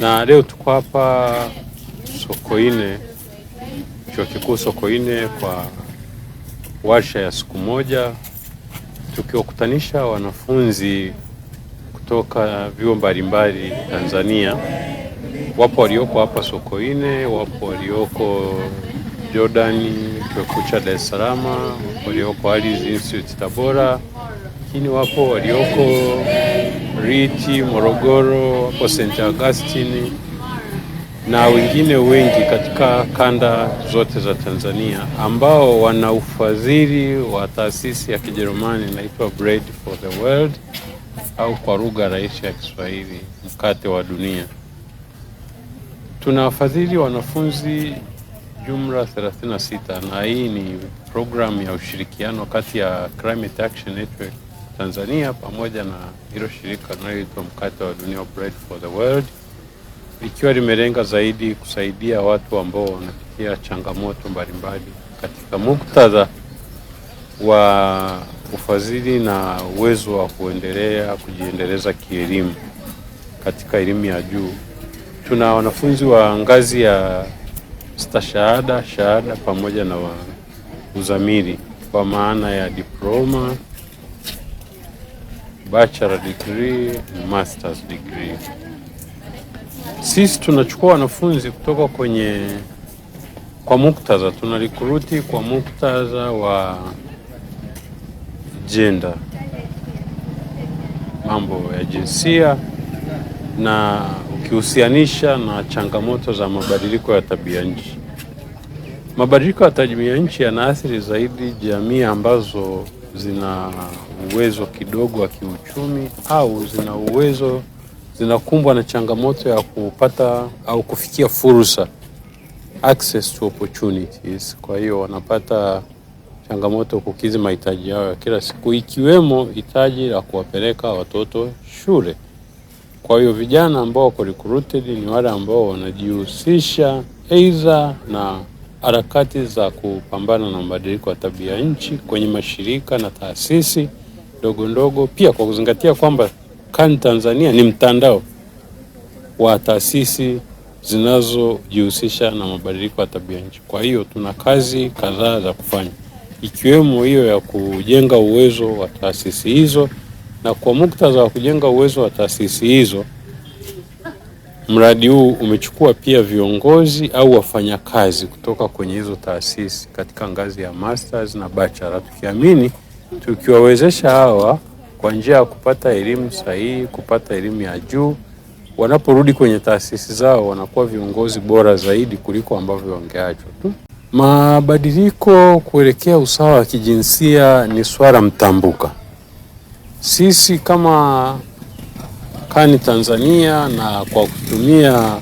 Na leo tuko hapa Sokoine, chuo kikuu Sokoine, kwa warsha ya siku moja, tukiwakutanisha wanafunzi kutoka vyuo mbalimbali Tanzania. Wapo walioko hapa Sokoine, wapo walioko Jordani, chuo kikuu cha Dar es Salaam, walioko Hali Institute Tabora, lakini wapo walioko Riti, Morogoro, hapo St. Augustine na wengine wengi katika kanda zote za Tanzania ambao wana ufadhili wa taasisi ya Kijerumani inaitwa Bread for the World au kwa lugha rahisi ya Kiswahili mkate wa dunia. Tunawafadhili wanafunzi jumla 36 na hii ni programu ya ushirikiano kati ya Climate Action Network Tanzania pamoja na hilo shirika linaloitwa Mkate wa Dunia Bread for the World, ikiwa limelenga zaidi kusaidia watu ambao wanapitia changamoto mbalimbali katika muktadha wa ufadhili na uwezo wa kuendelea kujiendeleza kielimu katika elimu ya juu. Tuna wanafunzi wa ngazi ya stashahada, shahada pamoja na wa uzamili kwa maana ya diploma bachelor degree na masters degree. Sisi tunachukua wanafunzi kutoka kwenye kwa muktadha, tuna recruit kwa muktadha wa jenda, mambo ya jinsia, na ukihusianisha na changamoto za mabadiliko ya tabia nchi. Mabadiliko ya tabia nchi yanaathiri zaidi jamii ambazo zina uwezo kidogo wa kiuchumi au zina uwezo, zinakumbwa na changamoto ya kupata au kufikia fursa, access to opportunities. Kwa hiyo wanapata changamoto kukizi mahitaji yao ya kila siku, ikiwemo hitaji la kuwapeleka watoto shule. Kwa hiyo vijana ambao wako recruited ni wale ambao wanajihusisha aidha na harakati za kupambana na mabadiliko ya tabia nchi kwenye mashirika na taasisi ndogo ndogo, pia kwa kuzingatia kwamba KAN Tanzania ni mtandao wa taasisi zinazojihusisha na mabadiliko ya tabia nchi. Kwa hiyo tuna kazi kadhaa za kufanya, ikiwemo hiyo ya kujenga uwezo wa taasisi hizo, na kwa muktadha wa kujenga uwezo wa taasisi hizo Mradi huu umechukua pia viongozi au wafanyakazi kutoka kwenye hizo taasisi katika ngazi ya masters na bachelor, tukiamini tukiwawezesha hawa kwa njia ya kupata elimu sahihi, kupata elimu ya juu, wanaporudi kwenye taasisi zao wanakuwa viongozi bora zaidi kuliko ambavyo wangeachwa tu. Mabadiliko kuelekea usawa wa kijinsia ni swala mtambuka. Sisi kama mwakani Tanzania na kwa kutumia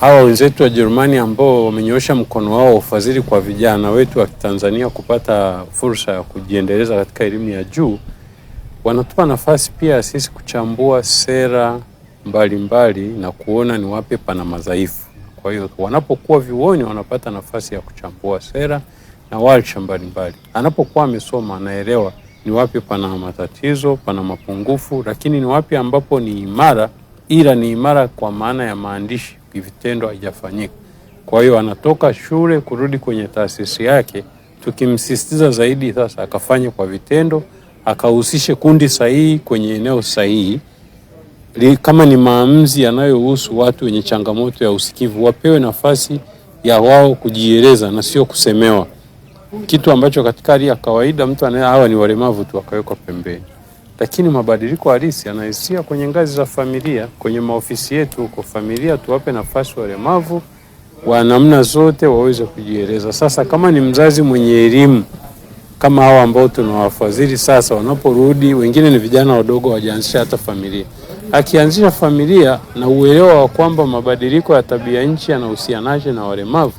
hawa wenzetu wa Jerumani ambao wamenyoosha mkono wao wa ufadhili kwa vijana wetu wa Tanzania kupata fursa ya kujiendeleza katika elimu ya juu, wanatupa nafasi pia sisi kuchambua sera mbalimbali mbali na kuona ni wapi pana madhaifu. Kwa hiyo wanapokuwa vyuoni wanapata nafasi ya kuchambua sera na warsha mbalimbali, anapokuwa amesoma anaelewa ni wapi pana matatizo, pana mapungufu, lakini ni wapi ambapo ni imara, ila ni imara kwa maana ya maandishi, kivitendo haijafanyika. Kwa hiyo anatoka shule kurudi kwenye taasisi yake, tukimsisitiza zaidi sasa akafanye kwa vitendo, akahusishe kundi sahihi kwenye eneo sahihi. Kama ni maamuzi yanayohusu watu wenye changamoto ya usikivu, wapewe nafasi ya wao kujieleza na sio kusemewa kitu ambacho katika hali ya kawaida mtu anaye hawa ni walemavu tu wakawekwa pembeni, lakini mabadiliko halisi yanahisia kwenye ngazi za familia, kwenye maofisi yetu huko familia, tuwape nafasi walemavu wa namna zote waweze kujieleza. Sasa kama ni mzazi mwenye elimu kama hawa ambao tunawafadhili sasa, wanaporudi wengine ni vijana wadogo, wajaanzisha hata familia. Akianzisha familia na uelewa wa kwamba mabadiliko ya tabia nchi yanahusianaje na walemavu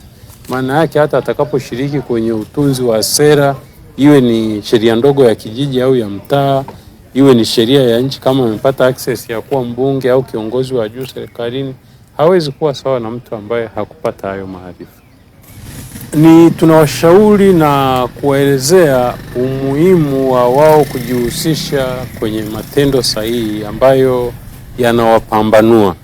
maana yake hata atakaposhiriki kwenye utunzi wa sera, iwe ni sheria ndogo ya kijiji au ya mtaa, iwe ni sheria ya nchi, kama amepata access ya kuwa mbunge au kiongozi wa juu serikalini, hawezi kuwa sawa na mtu ambaye hakupata hayo maarifa. Ni tunawashauri na kuwaelezea umuhimu wa wao kujihusisha kwenye matendo sahihi ambayo yanawapambanua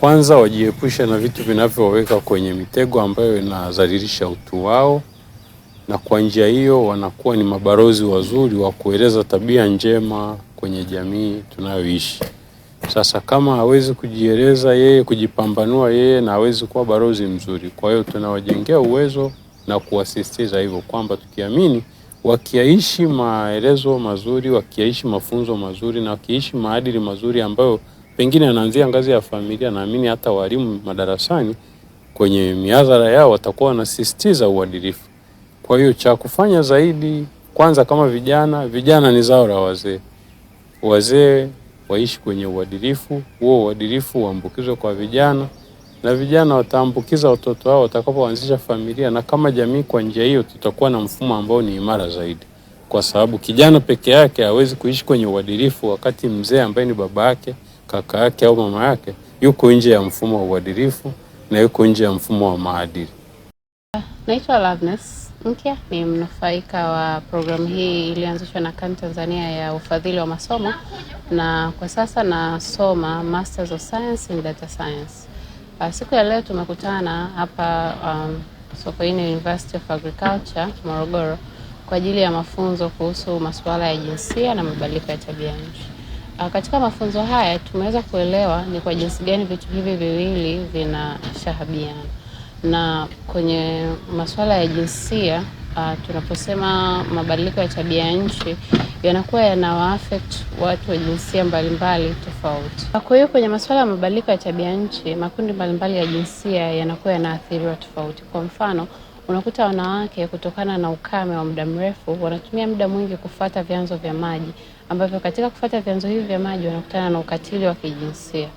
kwanza wajiepushe na vitu vinavyoweka kwenye mitego ambayo inadhalilisha utu wao, na kwa njia hiyo wanakuwa ni mabalozi wazuri wa kueleza tabia njema kwenye jamii tunayoishi. Sasa kama hawezi kujieleza yeye, kujipambanua yeye, na hawezi kuwa balozi mzuri. Kwa hiyo tunawajengea uwezo na kuwasisitiza hivyo kwamba tukiamini, wakiaishi maelezo mazuri, wakiaishi mafunzo mazuri na wakiishi maadili mazuri ambayo pengine anaanzia ngazi ya familia. Naamini hata walimu madarasani kwenye mihadhara yao watakuwa wanasisitiza uadilifu. Kwa hiyo cha kufanya zaidi, kwanza kama vijana, vijana ni zao la wazee, wazee waishi kwenye uadilifu huo, uadilifu uambukizwe kwa vijana na vijana wataambukiza watoto wao watakapoanzisha familia, na kama jamii, kwa njia hiyo tutakuwa na mfumo ambao ni imara zaidi, kwa sababu kijana peke yake hawezi kuishi kwenye uadilifu wakati mzee ambaye ni baba yake kaka yake au mama yake, yuko nje ya mfumo wa uadilifu na yuko nje ya mfumo wa maadili. Naitwa Loveness Mkya, ni mnufaika wa programu hii iliyoanzishwa na CAMI Tanzania ya ufadhili wa masomo, na kwa sasa nasoma Masters of Science in Data Science. Ah, siku ya leo tumekutana hapa um, Sokoine University of Agriculture Morogoro kwa ajili ya mafunzo kuhusu masuala ya jinsia na mabadiliko ya tabia nchi. Ah, katika mafunzo haya tumeweza kuelewa ni kwa jinsi gani vitu hivi viwili vinashahabiana, na kwenye masuala ya jinsia uh, tunaposema mabadiliko ya tabia ya nchi yanakuwa yanawaafect watu wa jinsia mbalimbali tofauti. Kwa hiyo kwenye masuala ya mabadiliko ya tabia nchi, makundi mbalimbali ya jinsia yanakuwa yanaathiriwa tofauti. Kwa mfano unakuta wanawake kutokana na ukame wa muda mrefu wanatumia muda mwingi kufuata vyanzo vya maji ambavyo katika kufuata vyanzo hivi vya maji wanakutana na ukatili wa kijinsia.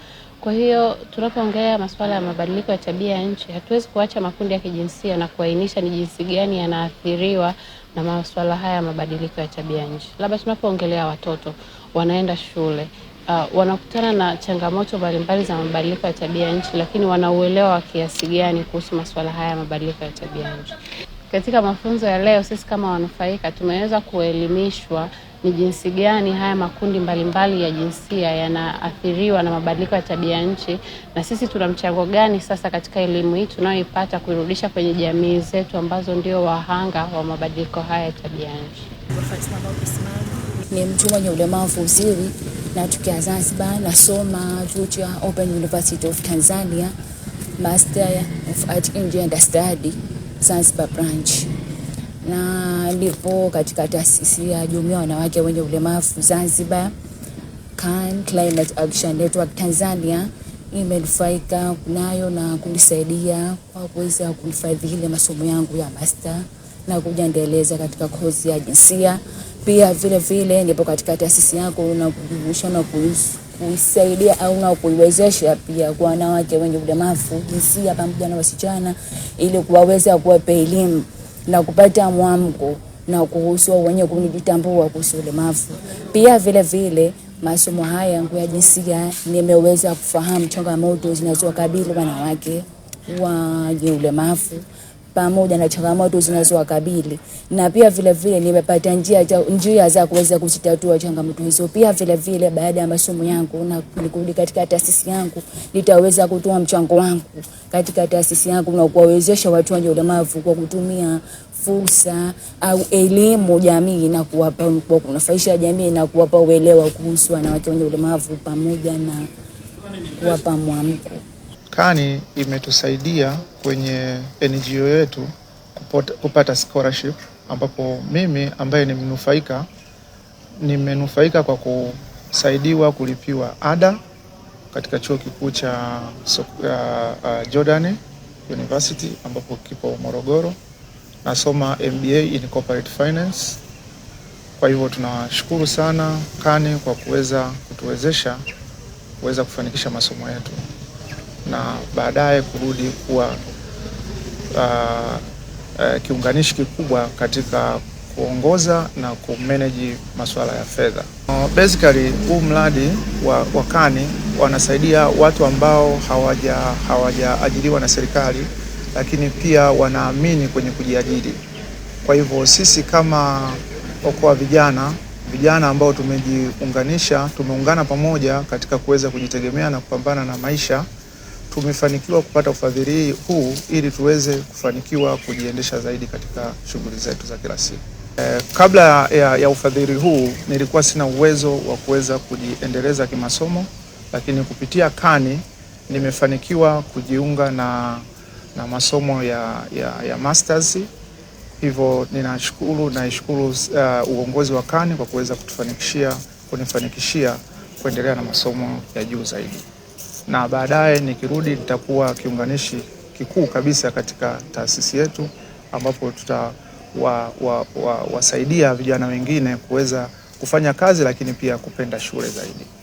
Kwa hiyo tunapoongelea masuala ya mabadiliko ya tabia ya nchi, hatuwezi kuacha makundi ya kijinsia na kuainisha ni jinsi gani yanaathiriwa na masuala haya ya mabadiliko ya tabia ya nchi. Labda tunapoongelea watoto wanaenda shule Uh, wanakutana na changamoto mbalimbali za mabadiliko ya tabia nchi, lakini wanauelewa wa kiasi gani kuhusu masuala haya ya mabadiliko ya tabia nchi? Katika mafunzo ya leo, sisi kama wanufaika tumeweza kuelimishwa ni jinsi gani haya makundi mbalimbali mbali ya jinsia yanaathiriwa na mabadiliko ya tabia nchi, na sisi tuna mchango gani sasa katika elimu hii tunayoipata kuirudisha kwenye jamii zetu ambazo ndio wahanga wa mabadiliko haya ya tabia nchi. Ni mtu mwenye ulemavu uziri natokea Zanzibar, nasoma Juja Open University of Tanzania, Master of Art in Gender Study Zanzibar branch na ndipo katika taasisi ya jumuiya wanawake wenye ulemavu Zanzibar. Can Climate Action Network Tanzania imenufaika nayo na kunisaidia kwa kuweza kunifadhili masomo yangu ya master na kujiendeleza katika kozi ya jinsia. Pia vile vile nipo katika taasisi yako na kujumuisha na kuisaidia au na kuiwezesha pia kwa wanawake wenye ulemavu jinsia pamoja na wasichana ili kuwaweza kuwapa elimu na kupata mwamko na kuhusu wenye kunijitambua kuhusu ulemavu. Pia vile vile masomo haya yangu ya jinsia nimeweza kufahamu changamoto zinazowakabili wanawake wenye ulemavu pamoja na changamoto zinazowakabili na pia vile vile nimepata njia, njia za kuweza kuzitatua changamoto hizo. Pia vile vile baada ya masomo yangu na kurudi katika taasisi yangu nitaweza kutoa mchango wangu katika taasisi yangu na kuwawezesha watu wenye ulemavu kwa kutumia fursa au elimu jamii na kuwapa kwa kunufaisha jamii na kuwapa uelewa kuhusu wanawake wenye ulemavu pamoja na kuwapa mwamko. Marekani imetusaidia kwenye NGO yetu kupata, kupata scholarship ambapo mimi ambaye nimenufaika nimenufaika kwa kusaidiwa kulipiwa ada katika chuo kikuu cha so, uh, uh, Jordan University ambapo kipo Morogoro. Nasoma MBA in corporate finance. Kwa hivyo tunashukuru sana kani kwa kuweza kutuwezesha kuweza kufanikisha masomo yetu na baadaye kurudi kuwa uh, uh, kiunganishi kikubwa katika kuongoza na kumanage masuala ya fedha. Ah, basically, huu mradi wa, wakani wanasaidia watu ambao hawaja hawajaajiriwa na serikali, lakini pia wanaamini kwenye kujiajiri. Kwa hivyo sisi kama Okoa Vijana, vijana ambao tumejiunganisha, tumeungana pamoja katika kuweza kujitegemea na kupambana na maisha tumefanikiwa kupata ufadhili huu ili tuweze kufanikiwa kujiendesha zaidi katika shughuli zetu za kila siku. E, kabla ya, ya ufadhili huu nilikuwa sina uwezo wa kuweza kujiendeleza kimasomo, lakini kupitia Kani nimefanikiwa kujiunga na, na masomo ya, ya, ya masters. Hivyo ninashukuru naishukuru uh, uongozi wa Kani kwa kuweza kutufanikishia kunifanikishia kuendelea na masomo ya juu zaidi na baadaye nikirudi nitakuwa kiunganishi kikuu kabisa katika taasisi yetu ambapo tutawasaidia wa, wa, wa vijana wengine kuweza kufanya kazi lakini pia kupenda shule zaidi.